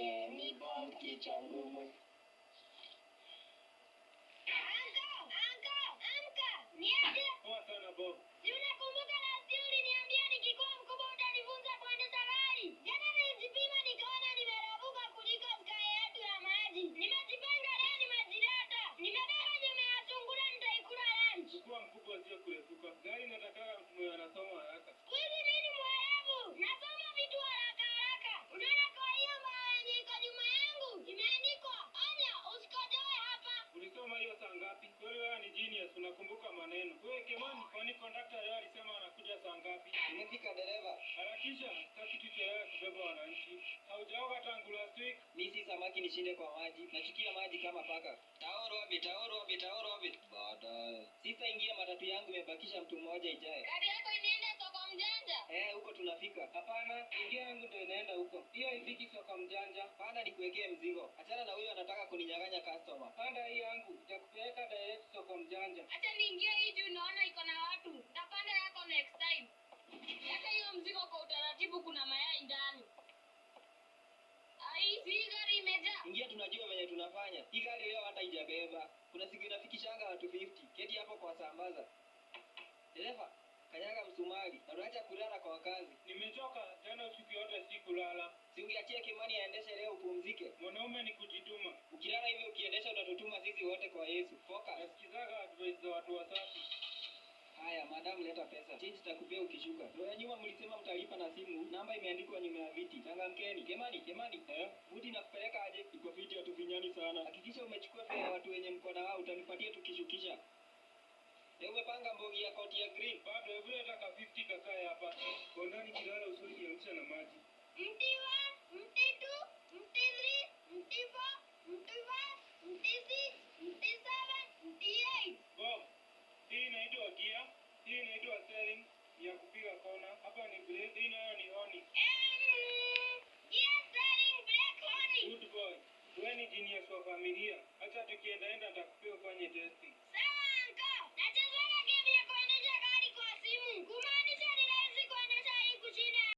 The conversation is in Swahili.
Jenny Bond ki canımız ngapi? Wewe ni genius, unakumbuka maneno. Wewe Kemani, kwani conductor leo alisema anakuja saa ngapi? Nimefika dereva. Harakisha, sitaki tuchelewe kubeba wananchi. Haujaoga tangu last week? Mimi si samaki nishinde kwa maji. Nachukia maji kama paka. Taoro wapi, taoro wapi, taoro wapi. Baadaye. Sita ingia matatu yangu imebakisha mtu mmoja ijaye. Gari yako inaenda soko mjanja? Eh, huko tunafika. Hapana, ingia yangu ndio kwenda huko. Hiyo iviki kwa mjanja, panda nikuwekee mzigo. Achana na huyo anataka kuninyang'anya customer. Panda hii yangu, nitakupeleka direct kwa mjanja. Acha niingie hii juu naona iko na watu. na panda yako next time. Weka hiyo mzigo kwa utaratibu, kuna mayai ndani. Ai, hii gari imejaa. Ingia, tunajua venye tunafanya. Hii gari leo hata ijabeba. Kuna siku inafikishanga watu 50. Keti hapo kwa sambaza. Dereva, kanyaga msumari na unaacha kulala kwa wakazi. Choka tena, usiku yote sikulala. Singiachia Kimani aendeshe leo upumzike. Mwanaume ni kujituma. Ukilala hivi ukiendesha utatutuma sisi wote kwa Yesu. Foka. Nasikizaga advice za watu wasafi. Haya, madamu leta pesa. Change takupea ukishuka. Ndio nyuma mlisema mtalipa na simu. Namba imeandikwa nyuma ya viti. Changamkeni. Kemani, Kemani. Eh? budi nakupeleka aje? Iko fiti hatufinyani sana. Hakikisha umechukua pesa ya watu wenye mkono wao utanipatia tukishukisha. Ewe panga mbogi ya koti ya green. Bado hebu leta ka 50 hatari ya kupiga kona. Hapa ni break, hii nayo ni honi. Good boy. Wewe ni genius wa familia. Acha tukienda enda atakupiga ufanye testi. Sawa, uncle. Nacheza